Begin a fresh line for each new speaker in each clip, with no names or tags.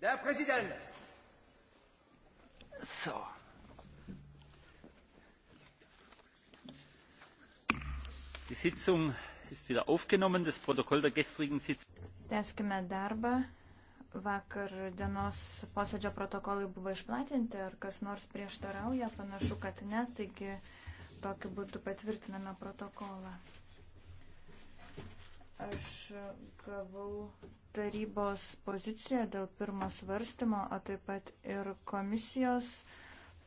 Der Präsident! So. Die Sitzung ist wieder aufgenommen. Das Protokoll der gestrigen Sitzung. Tęskime darbą. Vakar dienos posėdžio protokolai buvo išplatinti, ar kas nors prieštarauja, panašu, kad ne, taigi tokiu būdu patvirtiname protokolą gavau tarybos poziciją dėl pirmo svarstymo, o taip pat ir komisijos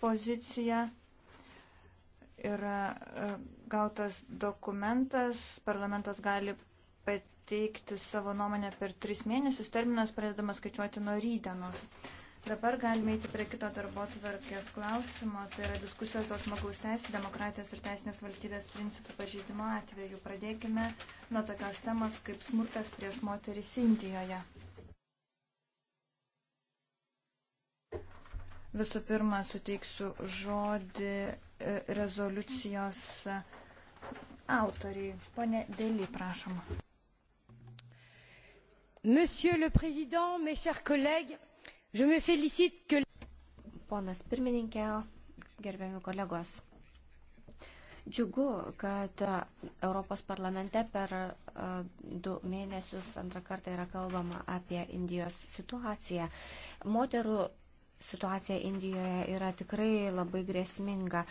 poziciją. Yra e, gautas dokumentas, parlamentas gali pateikti savo nuomonę per tris mėnesius, terminas pradedamas skaičiuoti nuo rydienos. Dabar galime įti prie kito darbo tvarkės klausimo, tai yra diskusijos dėl žmogaus teisų, demokratijos ir teisinės valstybės principų pažeidimo atveju. Pradėkime nuo tokios temos kaip smurtas prieš moteris Indijoje. Visų pirma, suteiksiu žodį e, rezoliucijos autoriai. Pone Dėly, prašom. Monsieur le Président, mes chers collègues, Je me félicite que... Ponas pirmininkė, gerbiami kolegos. Džiugu, kad e, Europos parlamente per e, du mėnesius antrą kartą yra kalbama apie Indijos situaciją. Moterų situacija Indijoje yra tikrai labai grėsminga.